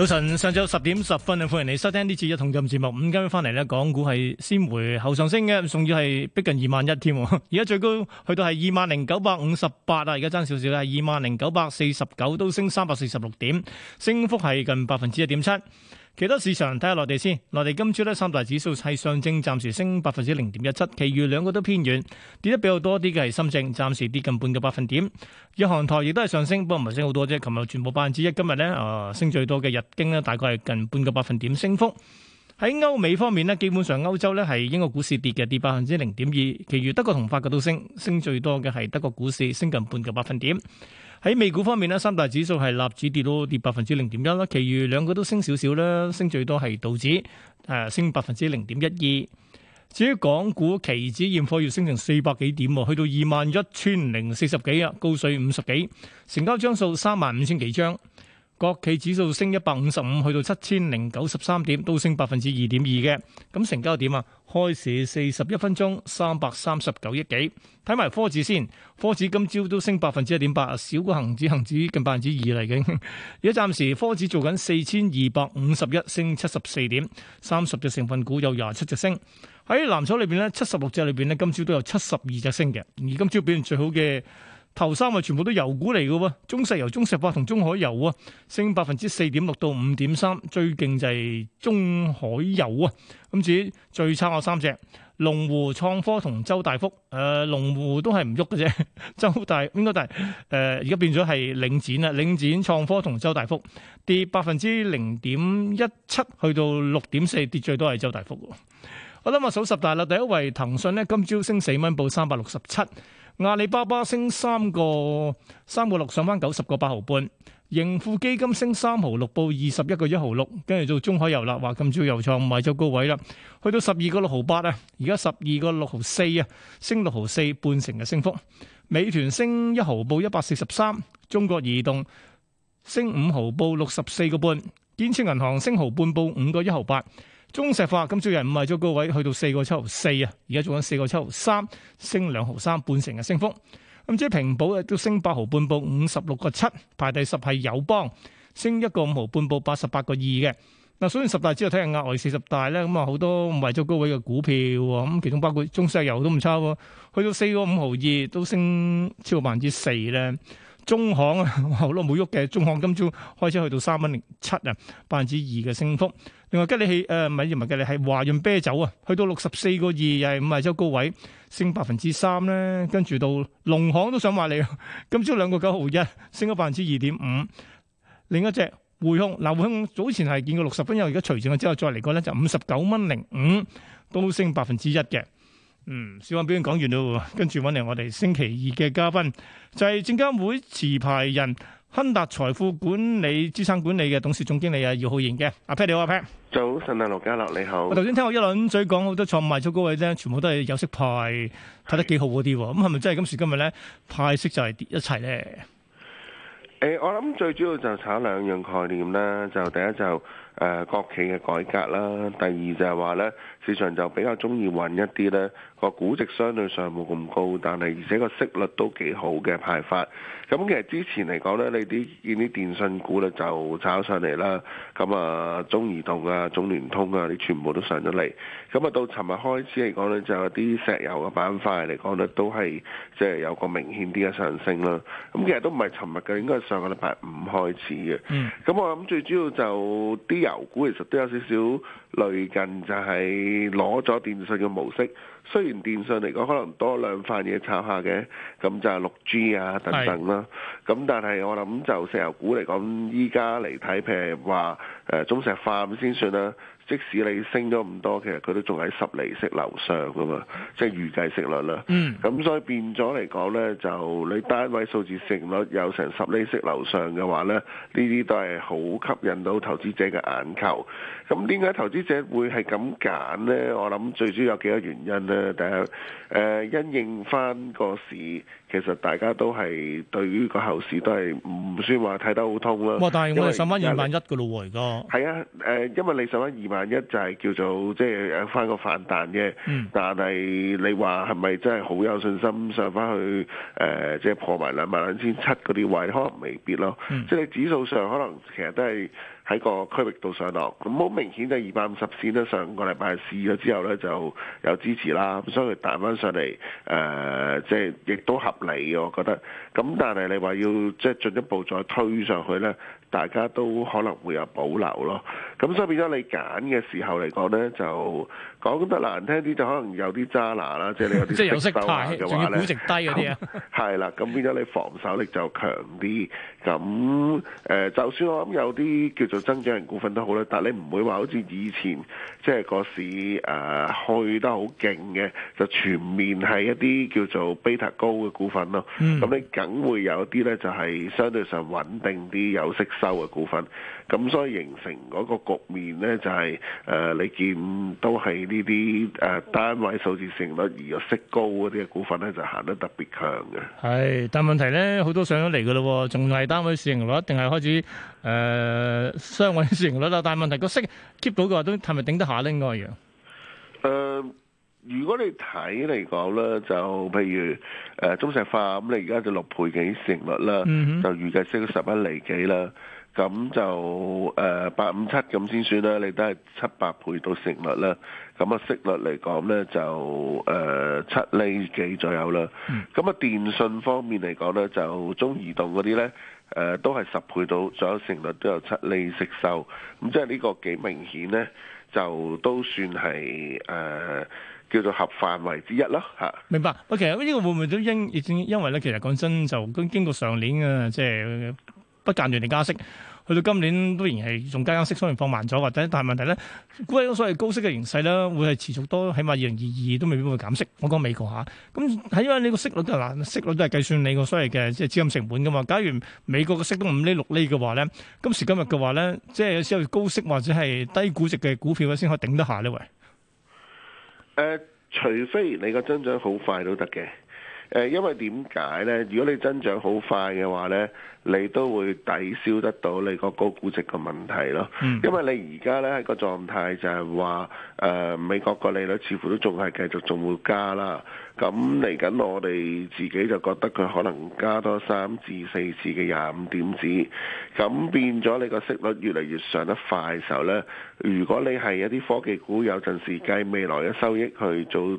早晨，上晝十點十分啊，歡迎你收聽呢次一桶金節目。五分鐘翻嚟咧，港股係先回後上升嘅，仲要係逼近二萬一添。而家最高去到係二萬零九百五十八啊，而家爭少少咧，二萬零九百四十九，都升三百四十六點，升幅係近百分之一點七。其他市場睇下內地先，內地今朝咧三大指數係上證暫時升百分之零點一七，其餘兩個都偏軟，跌得比較多啲嘅係深證，暫時跌近半個百分點。日韓台亦都係上升，不過唔係升好多啫。琴日全部百分之一，今日呢啊升最多嘅日經呢大概係近半個百分點升幅。喺歐美方面呢，基本上歐洲呢係英國股市跌嘅，跌百分之零點二，其餘德國同法國都升，升最多嘅係德國股市，升近半個百分點。喺美股方面咧，三大指數係納指跌到跌百分之零點一啦，其餘兩個都升少少啦，升最多係道指，誒、呃、升百分之零點一二。至於港股期指現貨，要升成四百幾點，去到二萬一千零四十幾啊，高水五十幾，成交張數三萬五千幾張。國企指數升一百五十五，去到七千零九十三點，都升百分之二點二嘅。咁成交點啊，開市四十一分鐘，三百三十九億幾。睇埋科指先，科指今朝都升百分之一點八，少過恒指，恒指近百分之二嚟嘅。而家暫時科指做緊四千二百五十一，升七十四點，三十隻成分股有廿七隻升。喺藍籌裏邊呢，七十六隻裏邊呢，今朝都有七十二隻升嘅。而今朝表現最好嘅。頭三位全部都油股嚟嘅喎，中石油、中石化同中海油啊，升百分之四點六到五點三，最勁就係中海油啊，咁至於最差我三隻，龍湖、創科同周大福，誒，龍湖都係唔喐嘅啫，周大應該大誒，而家變咗係領展啦，領展、創科同周大福跌百分之零點一七去到六點四，跌最多係周大福。我諗我數十大啦，第一位騰訊呢，今朝升四蚊，報三百六十七。阿里巴巴升三個三個六，6，上翻九十個八毫半。盈富基金升三毫六，報二十一個一毫六，跟住做中海油啦，話今朝油唔係就高位啦，去到十二個六毫八啊，而家十二個六毫四啊，升六毫四半成嘅升幅。美團升一毫，報一百四十三。中國移動升五毫，報六十四個半。建設銀行升毫半，報五個一毫八。中石化今朝日唔係咗高位，去到四個七毫四啊，而家做緊四個七毫三，升兩毫三，半成嘅升幅。咁即係平保啊，都升八毫半，報五十六個七，排第十係友邦，升一個五毫半，報八十八個二嘅。嗱，所以十大之後睇下額外四十大咧，咁啊好多唔係咗高位嘅股票，咁其中包括中石油都唔差，去到四個五毫二，都升超過百分之四咧。中行啊，好耐冇喐嘅，中行今朝開始去到三蚊零七啊，百分之二嘅升幅。另外吉利汽誒唔係業務嘅咧，係、呃、華潤啤酒啊，去到六十四個二，又係五十週高位，升百分之三咧。跟住到農行都想話你，今朝兩個九毫一，升咗百分之二點五。另一隻匯控，嗱、呃、匯控早前係見過六十分一，而家除淨咗之後，再嚟過咧就五十九蚊零五，都升百分之一嘅。嗯，小安表演講完啦，跟住揾嚟我哋星期二嘅嘉賓，就係證監會持牌人亨達財富管理資產管理嘅董事總經理啊姚浩然嘅，阿 Pat 你好，阿 Pat，早晨啊。盧家樂你好，你好。我頭先聽我一輪嘴講好多創賣咗高位啫，全部都係有色派，睇得幾好嗰啲，咁係咪真係今時今日咧派息就係一齊咧？誒、欸，我諗最主要就炒兩樣概念啦，就第一就是。誒、呃、國企嘅改革啦，第二就係話咧，市場就比較中意穩一啲咧，個估值相對上冇咁高，但係而且個息率都幾好嘅派發。咁其實之前嚟講咧，你啲見啲電信股咧就炒上嚟啦，咁啊中移動啊、中聯通啊，你全部都上咗嚟。咁啊到尋日開始嚟講咧，就有啲石油嘅板塊嚟講咧，都係即係有個明顯啲嘅上升啦。咁其實都唔係尋日嘅，應該係上個禮拜五開始嘅。咁、嗯、我諗最主要就啲。油股其實都有少少類近，就係攞咗電信嘅模式。雖然電信嚟講可能多兩塊嘢炒下嘅，咁就係六 G 啊等等啦。咁是但係我諗就石油股嚟講，依家嚟睇，譬如話誒、呃、中石化咁先算啦。即使你升咗咁多，其實佢都仲喺十厘息樓上㗎嘛，即係預計息率啦。咁、mm. 所以變咗嚟講咧，就你單位數字息率有成十厘息樓上嘅話咧，呢啲都係好吸引到投資者嘅眼球。咁點解投資者會係咁揀咧？我諗最主要有幾個原因咧？第一，誒、呃，因應翻個市。其實大家都係對於個後市都係唔算話睇得好通啦。但係我哋上翻二萬一嘅咯喎，而家係啊，誒、呃，因為你上翻二萬一就係叫做即係有翻個反彈啫。嗯、但係你話係咪真係好有信心上翻去誒，即、呃、係、就是、破埋兩萬兩千七嗰啲位，可能未必咯。嗯。即係你指數上可能其實都係。喺個區域度上落，咁好明顯就二百五十線咧，上個禮拜試咗之後咧，就有支持啦，咁所以彈翻上嚟，誒、呃，即係亦都合理嘅，我覺得。咁但係你話要即係進一步再推上去咧？大家都可能會有保留咯，咁所以變咗你揀嘅時候嚟講咧，就講得難聽啲，就可能有啲渣拿啦，即係你有啲即係有息嘅仲要值低啲啊，係啦，咁變咗你防守力就強啲，咁誒、呃，就算我諗有啲叫做增長型股份都好啦，但係你唔會話好似以前即係個市誒、呃、去得好勁嘅，就全面係一啲叫做 beta 高嘅股份咯，咁 你梗會有啲咧就係、是、相對上穩定啲有息，息收嘅股份，咁所以形成嗰個局面咧，就係誒，你見都係呢啲誒單位數字市盈率而個息高嗰啲嘅股份咧，就行得特別強嘅。係，但問題咧，好多上咗嚟嘅咯，仲係單位市盈率，定係開始誒雙位市盈率啦？但問題個息 keep 到嘅話都係咪頂得下咧？應該樣誒。如果你睇嚟講咧，就譬如誒、呃、中石化咁，你而家就六倍幾成率啦，mm hmm. 就預計升到十一厘幾啦。咁就誒八五七咁先算啦。你都係七八倍到成率啦。咁、那、啊、個、息率嚟講咧，就誒七、呃、厘幾左右啦。咁啊、mm hmm. 電信方面嚟講咧，就中移動嗰啲咧，誒、呃、都係十倍到左右，成率都有七厘息收。咁即係呢個幾明顯咧，就都算係誒。呃叫做合範圍之一咯嚇，明白。不過其實呢個會唔會都因，因為咧，其實講真就，咁經過上年啊，即係不間斷地加息，去到今年都仍然係仲加加息，雖然放慢咗或者，但係問題咧，估計所謂高息嘅形勢咧，會係持續多，起碼二零二二都未必會減息。我講美國嚇，咁睇翻呢個息率都係嗱，息率都係計算你個所謂嘅即係資金成本噶嘛。假如美國嘅息都五厘六厘嘅話咧，今時今日嘅話咧，即係有時候高息或者係低估值嘅股票咧，先可以頂得下呢喂。誒、呃，除非你個增長好快都得嘅。誒，因為點解咧？如果你增長好快嘅話咧，你都會抵消得到你個高估值嘅問題咯。嗯、因為你而家咧喺個狀態就係話，誒、呃、美國個利率似乎都仲係繼續仲會加啦。咁嚟緊我哋自己就覺得佢可能加多三至四次嘅廿五點子。咁變咗你個息率越嚟越上得快嘅時候咧，如果你係一啲科技股，有陣時計未來嘅收益去做。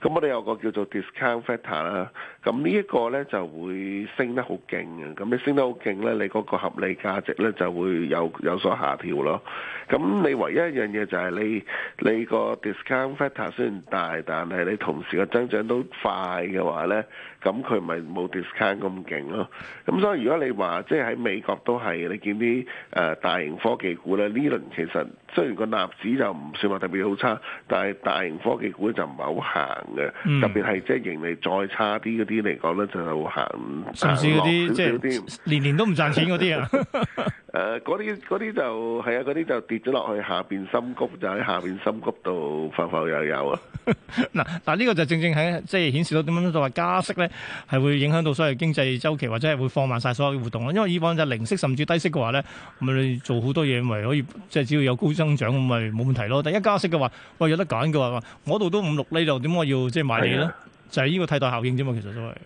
咁我哋有個叫做 discount factor 啦，咁呢一個咧就會升得好勁嘅，咁你升得好勁咧，你嗰個合理價值咧就會有有所下調咯。咁你唯一一樣嘢就係你你個 discount factor 雖然大，但係你同時個增長都快嘅話咧，咁佢咪冇 discount 咁勁咯。咁所以如果你話即係喺美國都係，你見啲誒大型科技股咧，呢輪其實雖然個納指就唔算話特別好差，但係大型科技股就唔係好行。嘅，嗯、特別係即係盈利再差啲嗰啲嚟講咧，就係會行甚至嗰啲，即係年年都唔賺錢嗰啲啊。 誒嗰啲啲就係啊，嗰啲就跌咗落去下邊深谷，就喺下邊深谷度浮浮遊遊啊！嗱嗱、 啊，呢、這個就正正係即係顯示到點樣就話加息咧，係會影響到所謂經濟周期，或者係會放慢晒所有嘅活動咯。因為以往就零息甚至低息嘅話咧，咁、嗯、你做好多嘢咪可以即係、就是、只要有高增長咁咪冇問題咯。但一加息嘅話，喂、哎、有得揀嘅話，我度都五六厘度，點我要即係買嘢咧？就係、是、呢是的 呢個替代效應啫嘛，其實所、就、係、是。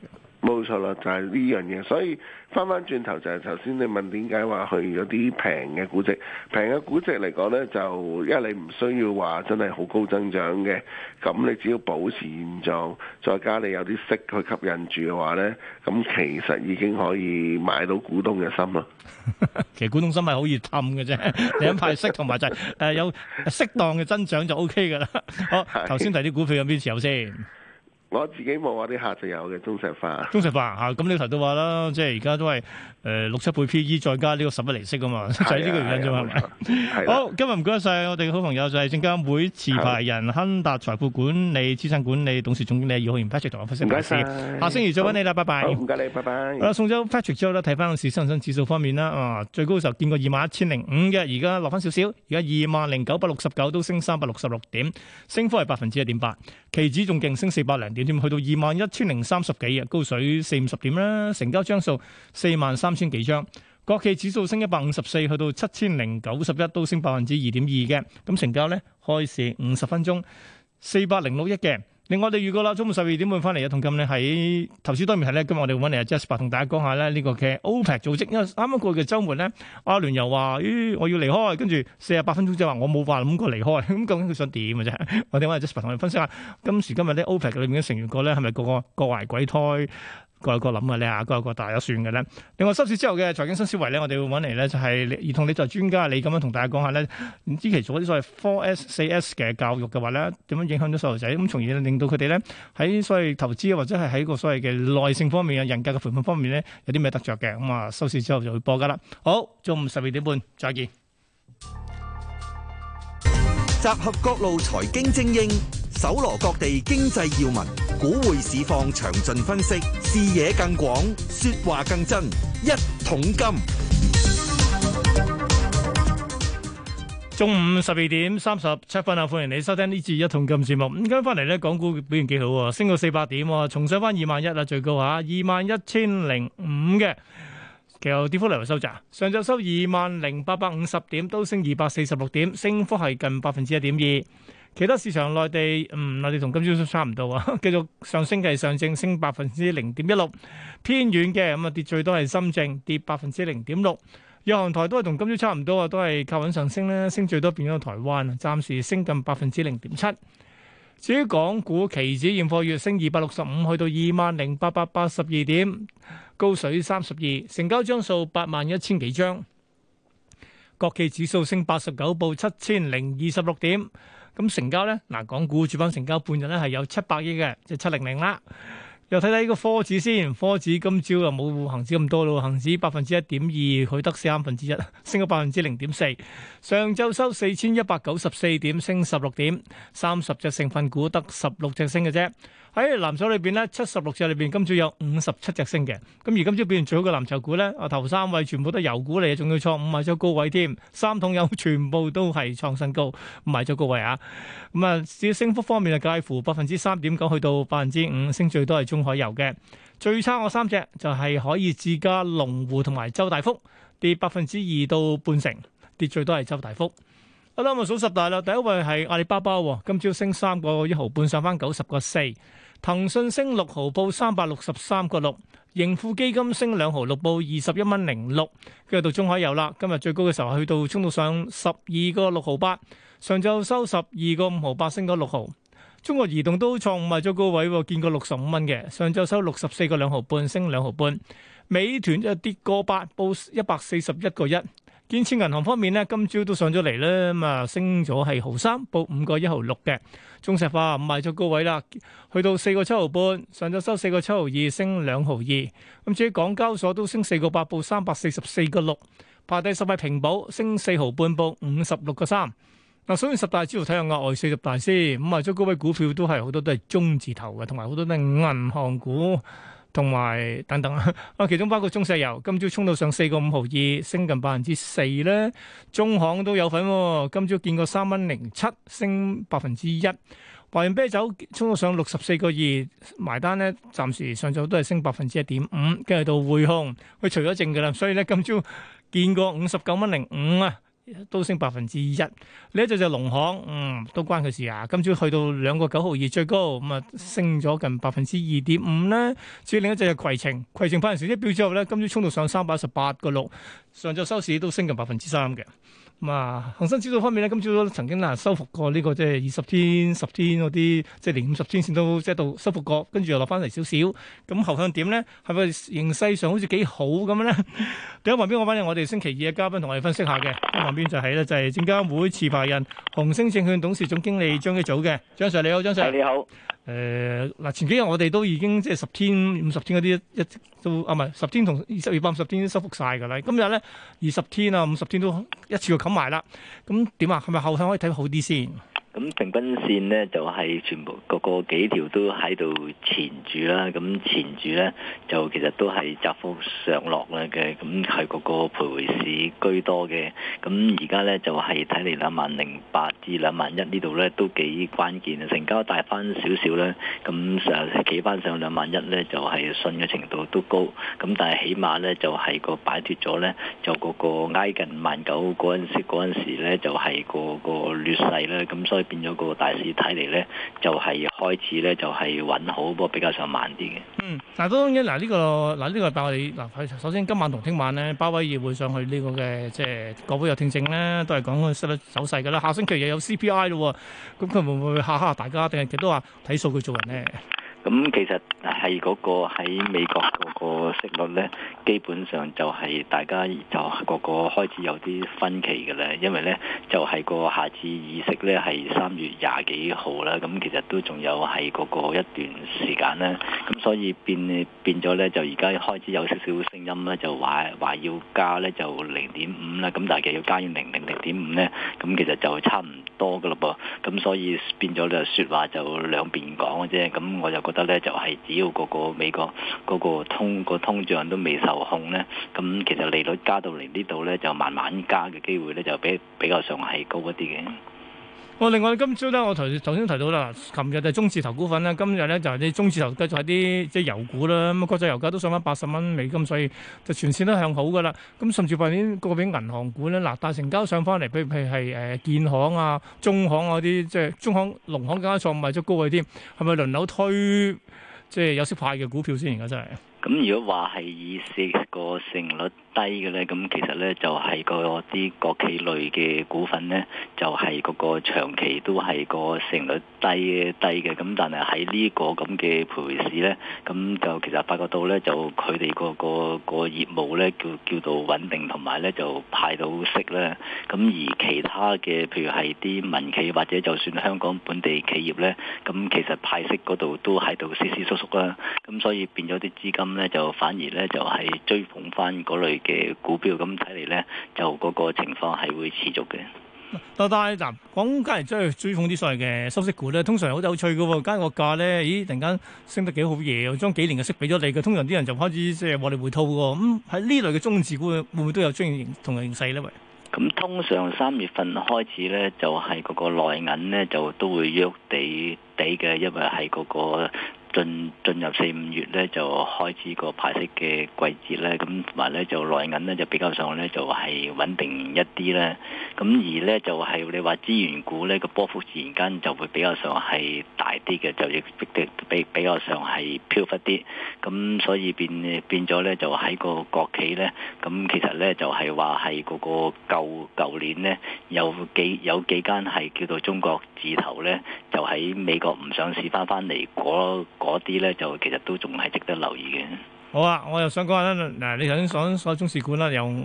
冇錯啦，就係呢樣嘢，所以翻翻轉頭就係頭先你問點解話佢有啲平嘅估值，平嘅估值嚟講呢，就因為你唔需要話真係好高增長嘅，咁你只要保持現狀，再加你有啲息去吸引住嘅話呢，咁其實已經可以買到股東嘅心啦。 其實股東心係好易氹嘅啫， 你派息同埋就係、是呃、有適當嘅增長就 O K 㗎啦。 好，頭先睇啲股票有邊時候先？我自己冇啊，啲客就有嘅中石化。中石化嚇，咁你頭都話啦，即係而家都係誒、呃、六七倍 P/E，再加呢個十一釐息啊嘛，就係呢個原因啫，係咪？好，今日唔該晒，我哋嘅好朋友，就係證監會持牌人、啊、亨達財富管理資產管理董事總經理姚浩然 Patrick 同我分析。唔該曬，下星期再揾你啦，好拜拜。唔該你，拜拜。啊，送咗 Patrick 之後咧，睇翻市恒生指數方面啦。啊，最高時候見過二萬一千零五嘅，而家落翻少少，而家二萬零九百六十九都升三百六十六點，升幅係百分之一點八。期指仲勁，升四百零點。.去到二萬一千零三十幾，日高水四五十點啦，成交張數四萬三千幾張，國企指數升一百五十四，去到七千零九十一，都升百分之二點二嘅，咁成交咧開市五十分鐘四百零六億嘅。另外，我哋預告啦，中午十二點半翻嚟嘅一桶金咧喺頭先，當然係咧，今日我哋會揾嚟啊 Jasper 同大家講下咧呢個嘅 OPEC 組織，因為啱啱過嘅週末咧，阿聯又話：咦，我要離開，跟住四十八分鐘之後，話我冇法諗過離開，咁 究竟佢想點嘅啫？我哋揾阿 Jasper 同佢分析下，今時今日咧 OPEC 裏面嘅成員國咧，係咪個個各懷鬼胎？各有各諗啊，你啊，各有各大都算嘅咧。另外收市之後嘅財經新思維咧，我哋會揾嚟咧，就係兒童理財專家李咁樣同大家講下咧，唔知其做啲所謂 Four S 四 S 嘅教育嘅話咧，點樣影響咗細路仔，咁從而令到佢哋咧喺所謂投資或者係喺個所謂嘅耐性方面啊，人格嘅培養方面咧，有啲咩得着嘅。咁啊，收市之後就會播噶啦。好，中午十二點半再見。集合各路財經精英，搜羅各地經濟要聞。股匯市況詳盡分析，視野更廣，說話更真。一桶金，中午十二點三十七分啊！歡迎你收聽呢次一桶金節目。咁今日翻嚟咧，港股表現幾好喎，升到四百點喎，重上翻二萬一啦，最高吓二萬一千零五嘅。其後跌幅嚟嚟收窄，上晝收二萬零八百五十點，都升二百四十六點，升幅係近百分之一點二。其他市場，內地嗯，內地同今朝都差唔多啊。繼續上升嘅係上證，升百分之零點一六，偏遠嘅咁啊，跌最多係深證，跌百分之零點六。日韓台都係同今朝差唔多啊，都係靠穩上升咧，升最多變咗台灣啊，暫時升近百分之零點七。至於港股期指現貨月升二百六十五，去到二萬零八百八十二點，高水三十二，成交張數八萬一千幾張。國企指數升八十九，報七千零二十六點。咁成交呢，嗱，港股主板成交半日呢，係有七百億嘅，即七零零啦。又睇睇呢個科指先，科指今朝又冇恒指咁多咯，恒指百分之一點二，佢得三分之一，升咗百分之零點四。上晝收四千一百九十四點，升十六點，三十隻成份股得十六隻升嘅啫。喺藍籌裏邊咧，七十六隻裏邊，今朝有五十七隻升嘅。咁而今朝表現最好嘅藍籌股咧，啊頭三位全部都係油股嚟嘅，仲要創五賣咗高位添。三桶油全部都係創新高，賣咗高位啊。咁啊，至於升幅方面啊，介乎百分之三點九去到百分之五，升最多係中海油嘅。最差嗰三隻就係可以自家龍湖同埋周大福跌百分之二到半成，跌最多係周大福。好啦，咁啊數十大啦，第一位係阿里巴巴，今朝升三個一毫半，上返九十個四。騰訊升六毫報三百六十三個六，盈富基金升兩毫六報二十一蚊零六，跟住到中海油啦，今日最高嘅時候去到衝到上十二個六毫八，上晝收十二個五毫八，升咗六毫。中國移動都創埋咗高位，見過六十五蚊嘅，上晝收六十四個兩毫半，升兩毫半。美團就跌過八，報一百四十一個一。建設銀行方面呢，今朝都上咗嚟啦。咁啊升咗係毫三，報五個一毫六嘅。中石化唔賣咗高位啦，去到四個七毫半，上晝收四個七毫二，升兩毫二。咁至於港交所都升四個八，報三百四十四個六，排第十位，平保升四毫半，報五十六個三。嗱，所以十大指數睇下額外四十大先，咁賣咗高位股票都係好多都係中字頭嘅，同埋好多都係銀行股。同埋等等啊，啊其中包括中石油，今朝沖到上四個五毫二，升近百分之四咧。中行都有份，啊，今朝見過三蚊零七，升百分之一。華潤啤酒沖到上六十四個二，埋單咧，暫時上早都係升百分之一點五，跟住到匯控，佢除咗淨噶啦，所以咧今朝見過五十九蚊零五啊。都升百分之一，呢一隻就農行，嗯，都關佢事啊。今朝去到兩個九毫二最高就，咁啊升咗近百分之二點五啦。至於另一隻就攜程，攜程翻完成績表之後咧，今朝沖到上三百一十八個六，上晝收市都升近百分之三嘅。咁啊，恒生指數方面咧，今朝都曾經啊收復過呢、呢個即係二十天、十天嗰啲即係連五十天線都即係到收復過，跟住又落翻嚟少少。咁後向點呢？係咪形勢上好似幾好咁樣呢？等 下旁邊我反嚟，我哋星期二嘅嘉賓同我哋分析下嘅。旁邊就係、是、咧，就係證監會持牌人、紅星證券董事總經理張繼祖嘅張 Sir。你好，張 Sir。哎、你好。誒嗱、呃，前幾日我哋都已經即係十天、五十天嗰啲，一都啊唔係十天同二十、二百五十天都收復晒㗎啦。今日咧二十天啊、五十天，天都一次過冚埋啦。咁點啊？係咪、啊、後生可以睇好啲先？咁平均線呢，就係、是、全部個個幾條都喺度纏住啦，咁纏住呢，就其實都係窄幅上落啦嘅，咁係個個徘徊市居多嘅。咁而家呢，就係睇嚟兩萬零八至兩萬一呢度呢，都幾關鍵，成交大翻少少啦，咁成企翻上兩萬一呢，就係信嘅程度都高，咁但係起碼呢，就係、是、個擺脫咗呢，就個個挨近萬九嗰陣時嗰陣時呢，就係、是、個個劣勢啦，咁所以。變咗個大市睇嚟咧，就係開始咧，就係穩好，不過比較上慢啲嘅。嗯，嗱，當然嗱呢、這個，嗱、這、呢個禮拜我哋嗱，首先今晚同聽晚咧，鮑威爾會上去呢個嘅即係國會有聽證咧，都係講佢息率走勢嘅啦。下星期又有 CPI 咯、哦，咁佢會唔會嚇嚇大家？定係都話睇數據做人咧？咁其實係嗰個喺美國嗰個息率呢，基本上就係大家就個個開始有啲分歧嘅咧，因為呢，就係、是、個下次議息呢係三月廿幾號啦，咁其實都仲有係個個一段時間咧，咁所以變變咗呢，就而家開始有少少聲音咧就話話要加呢就零點五啦，咁但係其實要加完零零零點五呢，咁其實就差唔多噶嘞噃，咁所以變咗就說話就兩邊講嘅啫，咁我就覺得。得咧就係只要個個美國嗰個通個通脹都未受控咧，咁其實利率加到嚟呢度咧，就慢慢加嘅機會咧就比比較上係高一啲嘅。我另外今朝咧，我頭頭先提到啦，琴日就係中字頭股份啦，今日咧就係、是、啲中字頭繼續係啲即係油股啦。咁啊，國際油價都上翻八十蚊美金，所以就全線都向好噶啦。咁甚至乎連嗰啲銀行股咧，嗱、啊、大成交上翻嚟，譬如譬如係誒建行啊、中行嗰、啊、啲，即係中行、農行更加創賣咗高位添，係咪輪流推即係、就是、有息派嘅股票先而家真係？咁如果話係以四個成率，低嘅呢，咁其實呢，就係個啲國企類嘅股份呢，就係、是、嗰個長期都係個成率低嘅低嘅。咁但係喺呢個咁嘅徘徊市咧，咁就其實發覺到呢，就佢哋個個個業務呢，叫叫做穩定同埋呢就派到息咧。咁而其他嘅譬如係啲民企或者就算香港本地企業呢，咁其實派息嗰度都喺度四四縮縮啦。咁所以變咗啲資金呢，就反而呢，就係追捧翻嗰類嘅股票，咁睇嚟咧，就嗰個情況係會持續嘅，多但係嗱，我梗係追追捧啲所謂嘅收息股咧，通常好有趣好脆嘅喎，個價咧，咦，突然間升得幾好嘢，將幾年嘅息俾咗你嘅，通常啲人就開始即係我哋回吐喎。咁喺呢類嘅中字股會唔會，會都有中追同埋形勢咧？喂、嗯，咁通常三月份開始咧，就係、是、嗰個內銀咧、就是，就都會約地地嘅，因為係嗰、那個。進進入四五月咧，就開始個派息嘅季節咧，咁話咧就內銀咧就比較上咧就係穩定一啲咧，咁而咧就係、是、你話資源股咧個波幅自然間就會比較上係大啲嘅，就亦的比比較上係飄忽啲，咁所以變變咗咧就喺個國企咧，咁其實咧就係話係嗰個舊舊年咧有幾有幾間係叫做中國字頭咧，就喺美國唔上市返返嚟嗰啲咧就其實都仲係值得留意嘅。好啊，我又想講下啦。嗱，你頭先所所講市股啦，由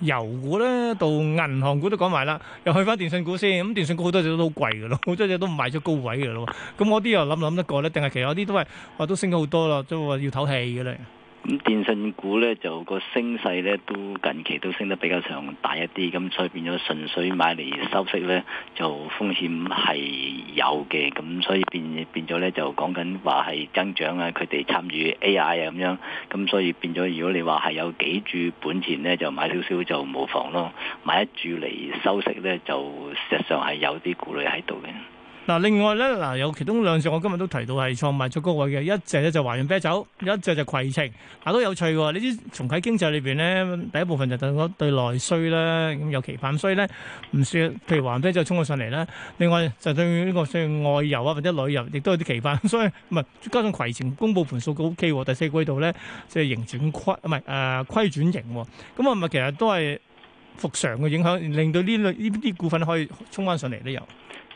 油股咧到銀行股都講埋啦，又去返電信股先。咁、嗯、電信股好多隻都好貴嘅咯，好多隻都唔賣咗高位嘅咯。咁我啲又諗唔諗得過咧？定係其實有啲都係話都升咗好多咯，即係話要唞氣嘅咧。咁電信股咧就個升勢咧都近期都升得比較上大一啲，咁所以變咗純粹買嚟收息咧就風險係有嘅，咁所以變變咗咧就講緊話係增長啊，佢哋參與 AI 啊咁樣，咁所以變咗如果你話係有幾注本錢咧就買少少就冇妨咯，買一注嚟收息咧就事實上係有啲顧慮喺度嘅。嗱、啊，另外咧，嗱、啊、有其中兩隻我今日都提到係創埋咗高位嘅一隻咧就華潤啤酒，一隻就攜程、啊，都有趣嘅、哦。你知重啟經濟裏邊咧，第一部分就對嗰對內需咧有期盼，所以咧唔算，譬如華潤啤酒衝咗上嚟啦。另外就對呢個對外遊啊或者旅遊亦都有啲期盼，所以唔係、啊、加上攜程公布盤數 o、OK、K，、哦、第四季度咧即係盈轉、呃、虧，唔係誒虧轉盈、哦。咁啊，唔係其實都係復常嘅影響，令到呢類呢啲股份可以衝翻上嚟都有。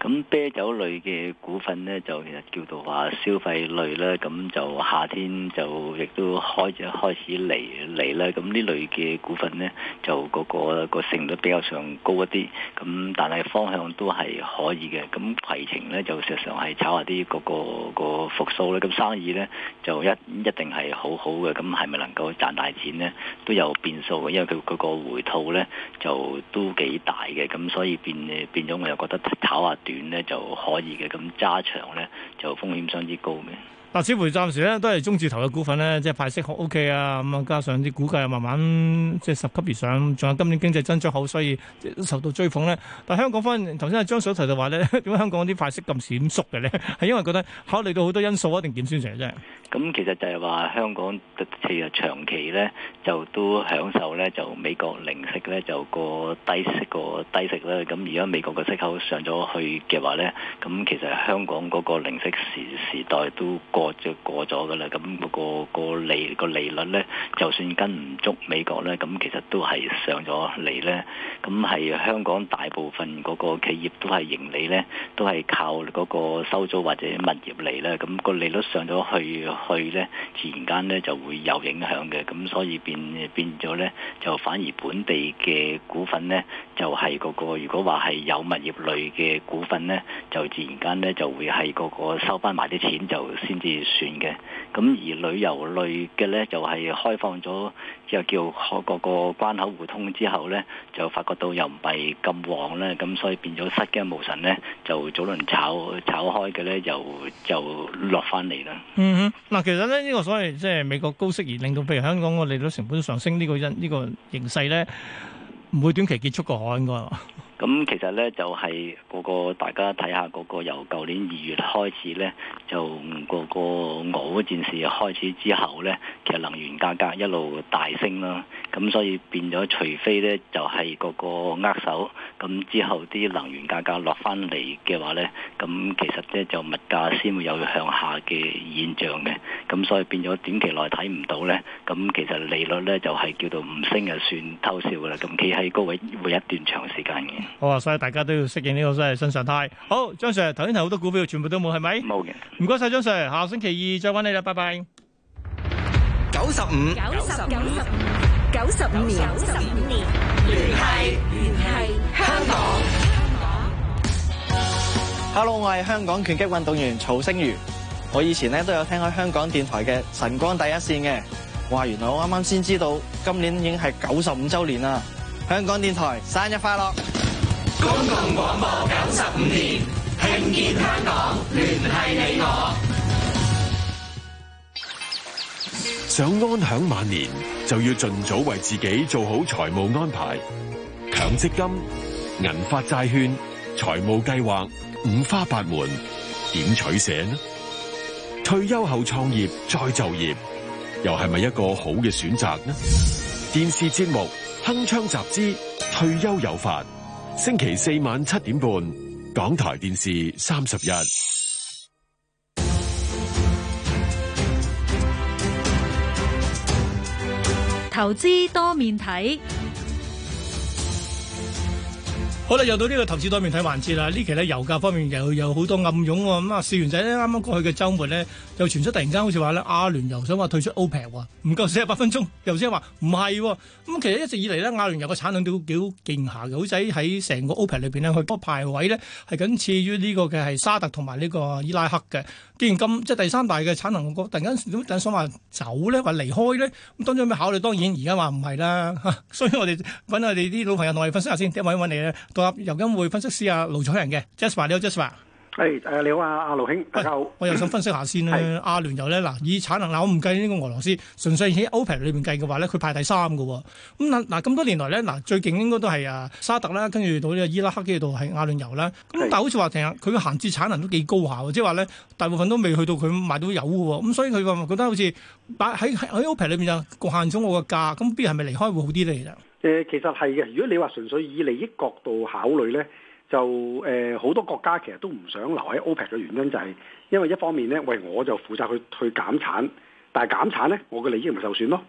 咁啤酒類嘅股份咧，就其實叫做話消費類啦。咁就夏天就亦都開始開始嚟嚟啦。咁呢類嘅股份咧，就嗰個個性都比較上高一啲。咁但係方向都係可以嘅。咁行情咧就事實上係炒下啲嗰個個復數啦。咁生意咧就一一定係好好嘅。咁係咪能夠賺大錢咧？都有變數嘅，因為佢佢個回吐咧就都幾大嘅。咁所以變變咗，我又覺得炒下。短咧就可以嘅，咁揸長咧就風險相之高嘅。似乎暫時咧都係中字頭嘅股份咧，即係派息好 O K 啊！咁、嗯、啊，加上啲股價又慢慢即係拾級而上，仲有今年經濟增長好，所以受到追捧咧。但係香港翻頭先阿張首席就話咧，點解香港啲派息咁閃縮嘅咧？係因為覺得考慮到好多因素一定點先成啫？咁其實就係話香港其實長期咧就都享受咧就美國零息咧就個低息個低息咧。咁而家美國個息口上咗去嘅話咧，咁其實香港嗰個零息時時代都。過就過咗噶啦，咁、那個個利個利率呢，就算跟唔足美國呢，咁其實都係上咗嚟呢。咁係香港大部分嗰個企業都係盈利呢，都係靠嗰個收租或者物業嚟呢。咁個利率上咗去去呢，自然間呢就會有影響嘅。咁所以變變咗呢，就反而本地嘅股份呢，就係、是、嗰個如果話係有物業類嘅股份呢，就自然間呢就會係嗰個收翻埋啲錢就先至而算嘅，咁而旅遊類嘅咧就係開放咗，又叫各個關口互通之後咧，就發覺到油唔係咁旺咧，咁所以變咗失驚無神咧，就早輪炒炒開嘅咧，就就落翻嚟啦。嗯哼，嗱，其實咧呢個所謂即係美國高息而令到，譬如香港我哋都成本上升呢個因呢個形勢咧，唔會短期結束個海應該。咁其實呢，就係個個大家睇下，個個由舊年二月開始呢，就個個俄烏戰事開始之後呢，其實能源價格一路大升啦。咁所以變咗，除非呢就係個個握手，咁之後啲能源價格落翻嚟嘅話呢，咁其實呢就物價先會有向下嘅現象嘅。咁所以變咗短期內睇唔到呢。咁其實利率呢，就係叫做唔升就算偷笑㗎啦。咁企喺高位會一段長時間嘅。好啊，所以大家都要適應呢個真係新常態。好，張 Sir，頭先睇好多股票，全部都冇，係咪？冇嘅。唔該晒，張 Sir，下星期二再揾你啦，拜拜。九十五，九十五，九十五年，聯繫聯繫香港。國 Hello，我係香港拳擊運動員曹星如。我以前咧都有聽過香港電台嘅《晨光第一線》嘅。哇，原來我啱啱先知道，今年已經係九十五周年啦！香港電台生日快樂！公共廣播九十五年，興建香港，聯繫你我。想安享晚年，就要盡早為自己做好財務安排。強積金、銀髮債券、財務計劃，五花八門，點取捨呢？退休後創業再就業，又係咪一個好嘅選擇呢？電視節目鏗鏘集資，退休有法。星期四晚七點半，港台電視三十一。投資多面睇。好啦，又到呢個投資多面睇環節啦。呢期咧，油價方面又有好多暗湧喎。咁啊，試完仔咧，啱啱過去嘅周末咧，又傳出突然間好似話咧，阿聯酋想話退出 OPEC 喎，唔夠四十八分鐘，又先話唔係。咁其實一直以嚟咧，阿聯酋嘅產量都幾勁下嘅。好在喺成個 OPEC 裏邊咧，佢個排位咧係僅次於呢個嘅係沙特同埋呢個伊拉克嘅。既然咁即係第三大嘅產能國，突然間想話走咧，話離開咧，咁當中有咩考慮？當然而家話唔係啦。所以我哋揾我哋啲老朋友同我哋分析下先。第一位揾你咧。油金匯分析師阿盧彩仁嘅，Jasper 你好，Jasper。你、hey, uh, 好啊，阿盧兄，大家好。我又想分析下先咧，嗯、阿聯酋咧嗱，以產能攪唔計呢個俄羅斯，純粹喺 OPEC 裏邊計嘅話咧，佢排第三個喎。咁嗱嗱咁多年來咧，嗱最勁應該都係啊沙特啦，跟住到呢伊拉克呢度係阿聯酋啦。咁是但係好似話其實佢嘅閒置產能都幾高下喎，即係話咧大部分都未去到佢賣到油嘅喎。咁所以佢覺得好似喺喺喺 OPEC 裏邊啊侷限咗我個價。咁不如係咪離開會好啲咧？其實？誒、呃、其實係嘅，如果你話純粹以利益角度考慮呢，就誒好、呃、多國家其實都唔想留喺 OPEC 嘅原因就係因為一方面呢，喂我就負責去去減產，但係減產呢，我嘅利益唔受損咯，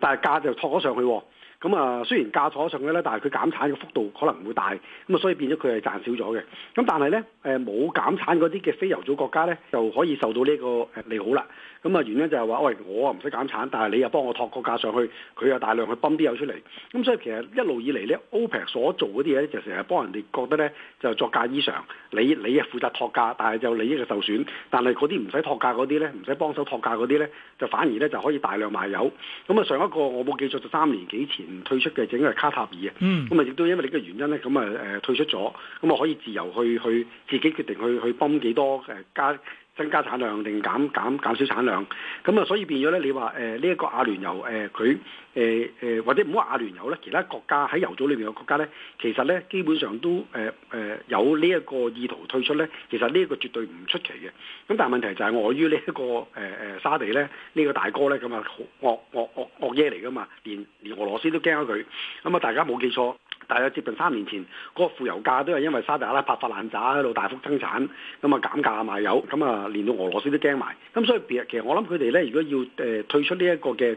但係價就托咗上去喎。咁、嗯、啊、呃，雖然價託咗上去呢，但係佢減產嘅幅度可能唔會大，咁啊所以變咗佢係賺少咗嘅。咁、嗯、但係呢，誒、呃、冇減產嗰啲嘅非油組國家呢，就可以受到呢個誒利好啦。咁啊，原因就係話，喂，我啊唔使減產，但係你又幫我托個價上去，佢又大量去泵啲油出嚟。咁所以其實一路以嚟咧，OPEC 所做嗰啲嘢咧，就成日幫人哋覺得咧，就作嫁衣裳。你你啊負責托價，但係就利益嘅受損。但係嗰啲唔使托價嗰啲咧，唔使幫手托價嗰啲咧，就反而咧就可以大量賣油。咁啊，上一個我冇記錯就三年幾前退出嘅，就係卡塔爾啊。嗯。咁啊，亦都因為你嘅原因咧，咁啊誒退出咗，咁啊可以自由去去自己決定去去泵幾多誒加。增加產量定減減減少產量，咁啊，所以變咗咧，你話誒呢一個阿聯酋誒佢誒誒或者唔好話阿聯酋咧，其他國家喺油組裏邊嘅國家咧，其實咧基本上都誒誒有呢一個意圖退出咧，其實呢一個絕對唔出奇嘅。咁但係問題就係礙於呢、這、一個誒誒、呃、沙地咧，呢、這個大哥咧咁啊惡惡惡惡嘢嚟噶嘛，連連俄羅斯都驚咗佢，咁啊大家冇記錯。但係接近三年前，嗰、那個負油價都係因為沙特阿拉伯發爛渣喺度大幅增產，咁啊減價賣油，咁啊連到俄羅斯都驚埋，咁所以其實我諗佢哋咧，如果要誒、呃、退出呢、這、一個嘅誒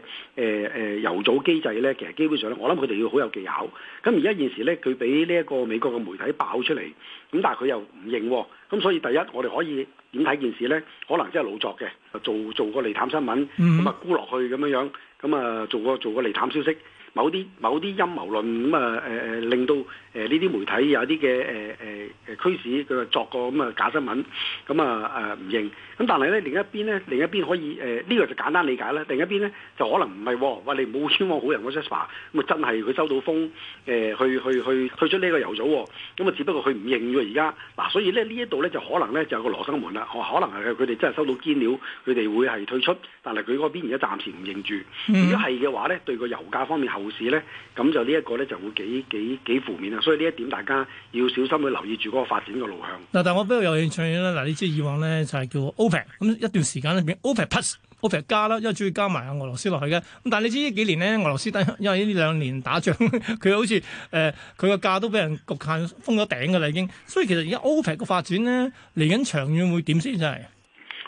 誒油組機制咧，其實基本上咧，我諗佢哋要好有技巧。咁而家件事咧，佢俾呢一個美國嘅媒體爆出嚟，咁但係佢又唔認，咁、哦、所以第一我哋可以點睇件事咧？可能真係老作嘅，做做個利淡新聞，咁啊沽落去咁樣樣，咁啊做個做個利淡消息。某啲某啲，陰謀論，咁啊誒誒令到誒呢啲媒體有啲嘅誒誒誒驅使佢作個咁啊假新聞，咁啊誒唔認咁，但係咧，另一邊咧，另一邊可以誒呢個就簡單理解啦。另一邊咧就可能唔係，喂你唔好冤枉好人嗰隻話，咁啊真係佢收到風誒去去去退出呢個油組，咁啊只不過佢唔認㗎而家嗱，所以咧呢一度咧就可能咧就有個羅生門啦，可能係佢哋真係收到堅料，佢哋會係退出，但係佢嗰邊而家暫時唔認住。如果係嘅話咧，對個油價方面後。市咧，咁就呢一個咧就會幾幾幾負面啦。所以呢一點大家要小心去留意住嗰個發展嘅路向。嗱，但係我比較有興趣咧。嗱，你知以往咧就係、是、叫 OPEC 咁一段時間裏面，OPEC Plus、OPEC 加啦，因為仲要加埋俄羅斯落去嘅。咁但係你知呢幾年咧，俄羅斯因因為呢兩年打仗，佢好似誒佢個價都俾人局限封咗頂㗎啦，已經了了。所以其實而家 OPEC 嘅發展咧，嚟緊長遠會點先？真係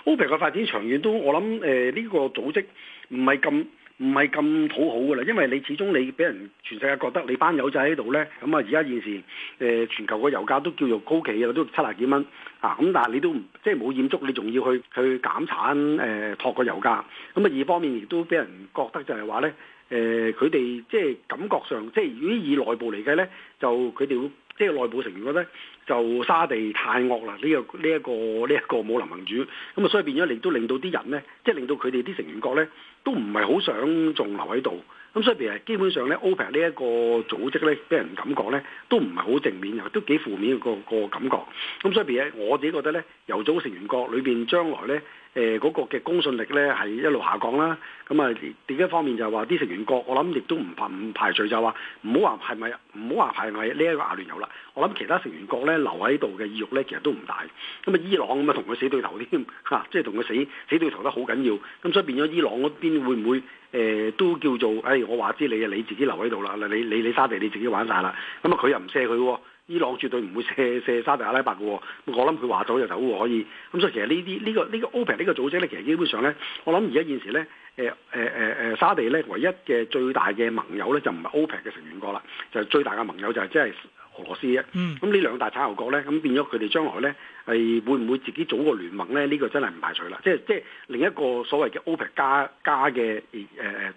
OPEC 嘅發展長遠都我諗誒呢個組織唔係咁。唔係咁討好噶啦，因為你始終你俾人全世界覺得你班友仔喺度咧，咁啊而家現時，誒、呃、全球個油價都叫做高企啊，都七廿幾蚊啊，咁但係你都唔，即係冇掩足，你仲要去去減產誒託個油價，咁、嗯、啊二方面亦都俾人覺得就係話咧，誒佢哋即係感覺上，即係如果以內部嚟計咧，就佢哋會即係內部成員覺得。就沙地太惡啦，呢、這個呢一、這個呢一、這個冇武林盟主，咁、嗯、啊所以變咗亦都令到啲人咧，即係令到佢哋啲成員國咧，都唔係好想仲留喺度，咁、嗯、所以譬如基本上咧，OPEC 呢一個組織咧，俾人感覺咧，都唔係好正面，又都幾負面個個，個感覺，咁、嗯、所以譬如我自己覺得咧，由組成員國裏邊將來咧。誒嗰、呃那個嘅公信力咧係一路下降啦，咁啊另一方面就係話啲成員國，我諗亦都唔排唔排除就係話唔好話係咪唔好話排咪呢一個阿聯酋啦，我諗其,其,其,其他成員國咧留喺度嘅意欲咧其實都唔大，咁啊伊朗咁啊同佢死對頭添嚇、啊，即係同佢死死對頭得好緊要，咁所以變咗伊朗嗰邊會唔會誒、呃、都叫做誒、hey, 我話知你啊，你自己留喺度啦，嗱 你你你沙地你自己玩晒啦，咁啊佢又唔卸佢喎。伊朗絕對唔會射射沙特阿拉伯嘅，咁我諗佢話走就走喎，可以。咁所以其實呢啲呢個呢、呢個 OPEC 呢個組織咧，其實基本上咧，我諗而家現時咧，誒誒誒誒沙地咧唯一嘅最大嘅盟友咧，就唔係 OPEC 嘅成員國啦，就係、係、最大嘅盟友就係即係。就係俄羅斯啊，咁呢兩大產油國咧，咁變咗佢哋將來咧係會唔會自己組個聯盟咧？呢個真係唔排除啦。即係即係另一個所謂嘅 OPEC 加加嘅誒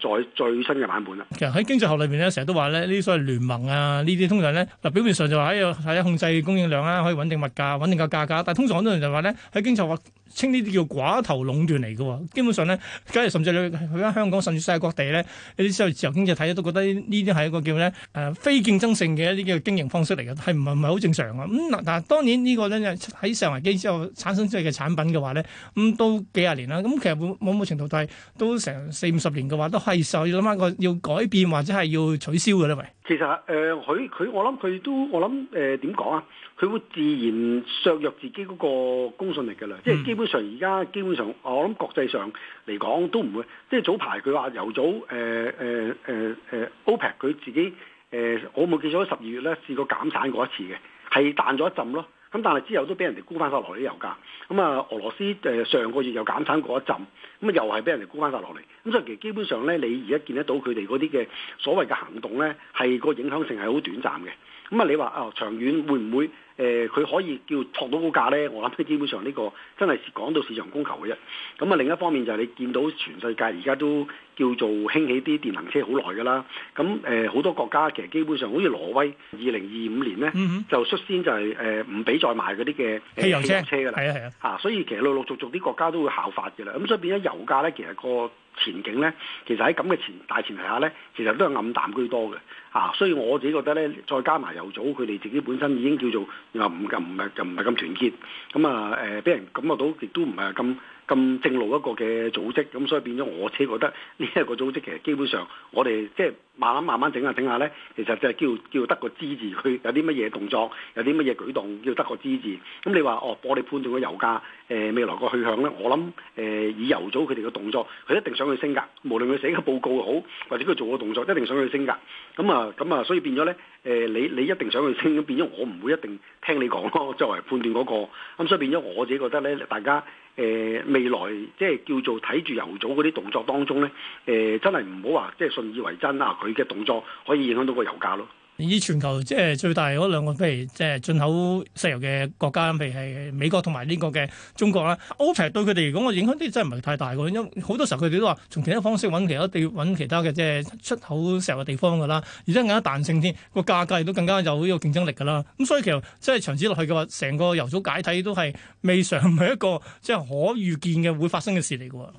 誒，在最新嘅版本啦。其實喺經濟學裏邊咧，成日都話咧呢啲所謂聯盟啊，呢啲通常咧，嗱表面上就話喺度睇下控制供應量啊，可以穩定物價、穩定個價格。但係通常好多人就話咧喺經濟學。稱呢啲叫寡頭壟斷嚟嘅，啊，基本上咧，今日甚至你去返香港，甚至世界各地咧，有啲所謂自由經濟體都覺得呢啲係一個叫咧誒、呃、非競爭性嘅一啲嘅經營方式嚟嘅，係唔係唔係好正常啊？咁嗱嗱，當然呢個咧喺上環機之後產生出嚟嘅產品嘅話咧，咁、嗯、到幾廿年啦，咁、嗯、其實冇冇程度但係都成四五十年嘅話，都係受要諗翻個要改變或者係要取消嘅咧，喂，其實誒，佢、呃、佢我諗佢都我諗誒點講啊？佢會自然削弱自己嗰個公信力㗎啦，即係基本上而家基本上，我諗國際上嚟講都唔會，即係早排佢話由早誒誒、呃、誒誒、呃呃、OPEC 佢自己誒、呃，我冇記錯，十二月咧試過減產過一次嘅，係彈咗一陣咯。咁但係之後都俾人哋沽翻曬落嚟啲油價。咁啊，俄羅斯誒上個月又減產過一陣，咁啊又係俾人哋沽翻曬落嚟。咁所以其實基本上咧，你而家見得到佢哋嗰啲嘅所謂嘅行動咧，係個影響性係好短暫嘅。咁啊，你話啊長遠會唔會？誒，佢、呃、可以叫託到高價咧，我諗基本上呢個真係講到市場供求嘅啫。咁啊另一方面就係你見到全世界而家都叫做興起啲電能車好耐㗎啦。咁誒好多國家其實基本上好似挪威二零二五年咧，嗯、哼就率先就係誒唔俾再賣嗰啲嘅汽油車嘅啦。係啊係啊，嚇！所以其實陸陸續續啲國家都會效法嘅啦。咁、啊、所以變咗油價咧，其實個前景咧，其實喺咁嘅前大前提下咧，其實都係暗淡居多嘅。嚇、啊！所以我自己覺得咧，再加埋油組，佢哋自己本身已經叫做。又唔咁唔係，咁團結，咁啊誒，俾、呃、人感覺到亦都唔係咁。咁正路一個嘅組織，咁所以變咗我自己覺得呢一個組織其實基本上我哋即係慢慢慢慢整下整下呢，其實就係叫叫得個之字，佢有啲乜嘢動作，有啲乜嘢舉動，叫得個之字。咁、嗯、你話哦，我哋判斷個油價誒、呃、未來個去向呢，我諗誒、呃、以油組佢哋嘅動作，佢一定想去升噶。無論佢寫個報告好，或者佢做個動作，一定想去升噶。咁啊咁啊，所以變咗呢，誒、呃，你你一定想去升，咁變咗我唔會一定聽你講咯，作為判斷嗰、那個。咁、嗯、所以變咗我自己覺得呢，大家。誒、呃，未來即係叫做睇住油組嗰啲動作當中咧，誒、呃，真係唔好話即係信以為真啊，佢嘅動作可以影響到個油價咯。以全球，即係最大嗰兩個，譬如即係進口石油嘅國家，譬如係美國同埋呢個嘅中國啦。OPEC 對佢哋嚟講，我影響啲真係唔係太大，因為好多時候佢哋都話從其他方式揾其他地揾其他嘅即係出口石油嘅地方噶啦，而且更加彈性添，個價格亦都更加有呢個競爭力噶啦。咁所以其實即係長此落去嘅話，成個油組解體都係未嘗唔係一個即係可預見嘅會發生嘅事嚟嘅。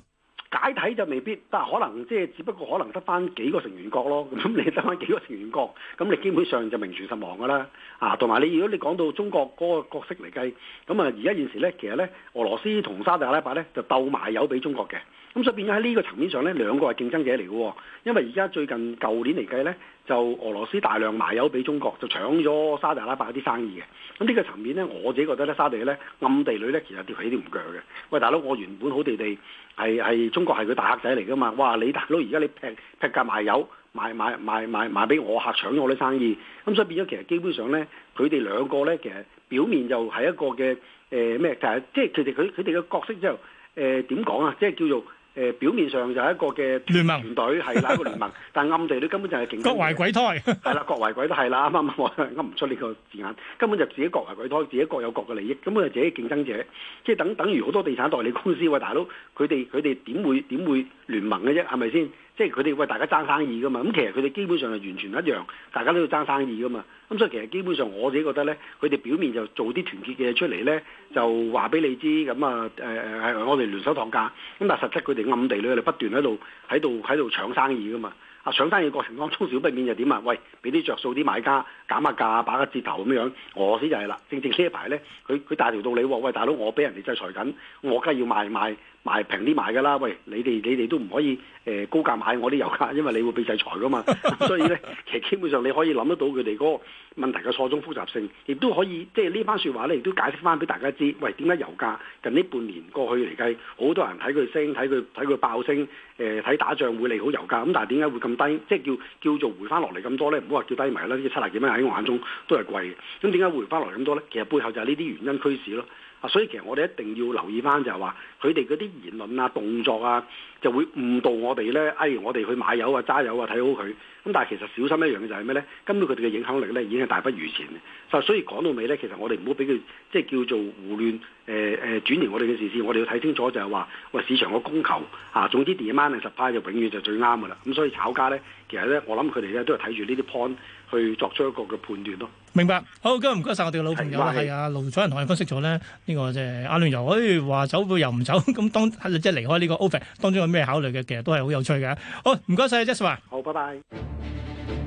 解體就未必，但係可能即係，只不過可能得返幾個成員國咯。咁你得返幾個成員國，咁你基本上就名存實亡㗎啦。啊，同埋你如果你講到中國嗰個角色嚟計，咁啊而家現時咧，其實咧，俄羅斯同沙特阿拉伯咧就鬥賣油俾中國嘅。咁、嗯、所以變咗喺呢個層面上咧，兩個係競爭者嚟嘅喎，因為而家最近舊年嚟計咧，就俄羅斯大量賣油俾中國，就搶咗沙特阿拉伯啲生意嘅。咁、嗯、呢、這個層面咧，我自己覺得咧，沙地咧暗地裏咧，其實跌起啲唔鋸嘅。喂，大佬，我原本好地地係係中國係佢大客仔嚟㗎嘛？哇！你大佬而家你劈劈價賣油賣賣賣賣賣俾我客，搶咗我啲生意。咁、嗯、所以變咗其實基本上咧，佢哋兩個咧其實表面就係一個嘅誒咩？就、呃、係、呃呃、即係佢哋佢佢哋嘅角色之後誒點講啊？即係叫做。誒、呃、表面上就係一個嘅聯盟團隊，係啦一個聯盟， 但係暗地裏根本就係競爭，各懷鬼胎，係 啦，各懷鬼胎係啦，啱啱，我噏唔出呢個字眼，根本就自己各懷鬼胎，自己各有各嘅利益，根本就自己競爭者，即係等等於好多地產代理公司喂，大佬佢哋佢哋點會點會聯盟嘅啫？係咪先？即係佢哋喂，大家爭生意噶嘛，咁其實佢哋基本上係完全一樣，大家都要爭生意噶嘛。咁、嗯、所以其實基本上我自己覺得咧，佢哋表面就做啲團結嘅嘢出嚟咧，就話俾你知咁啊誒誒，呃、我哋聯手擋價。咁但係實質佢哋暗地裏不斷喺度喺度喺度搶生意噶嘛。啊，搶生意嘅過程當中少不免又點啊？喂，俾啲着數啲買家減下價，打個折頭咁樣。我先就係啦，正正一呢一排咧，佢佢大條道理喎。喂，大佬，我俾人哋制裁緊，我梗係要賣賣。賣平啲買㗎啦，喂！你哋你哋都唔可以誒、呃、高價買我啲油價，因為你會被制裁㗎嘛。所以咧，其實基本上你可以諗得到佢哋嗰個問題嘅錯綜複雜性，亦都可以即係呢番説話咧，亦都解釋翻俾大家知，喂，點解油價近呢半年過去嚟計，好多人睇佢升，睇佢睇佢爆升，誒、呃、睇打仗會利好油價，咁但係點解會咁低？即係叫叫做回翻落嚟咁多咧，唔好話叫低迷啦，呢七十幾蚊喺我眼中都係貴嘅。咁點解回翻落嚟咁多咧？其實背後就係呢啲原因驅使咯。所以其實我哋一定要留意翻，就係話佢哋嗰啲言論啊、動作啊，就會誤導我哋咧。例、哎、如我哋去買有啊、揸有啊，睇好佢。咁但係其實小心一樣嘅就係咩咧？根本佢哋嘅影響力咧已經係大不如前。就所以講到尾咧，其實我哋唔好俾佢即係叫做胡亂誒誒、呃、轉移我哋嘅視線。我哋要睇清楚就係話，喂、呃、市場嘅供求啊，總之 demand 係實派就永遠就最啱噶啦。咁所以炒家咧，其實咧我諗佢哋咧都係睇住呢啲 point 去作出一個嘅判斷咯。明白，好，今日唔該晒我哋嘅老朋友，係啊，盧彩雲同我哋分析咗咧呢個即係阿聯酋，誒話走會又唔走，咁、 嗯、當即係離開呢個 office 當中有咩考慮嘅，其實都係好有趣嘅。好，唔該晒 Jasmin 好，拜拜。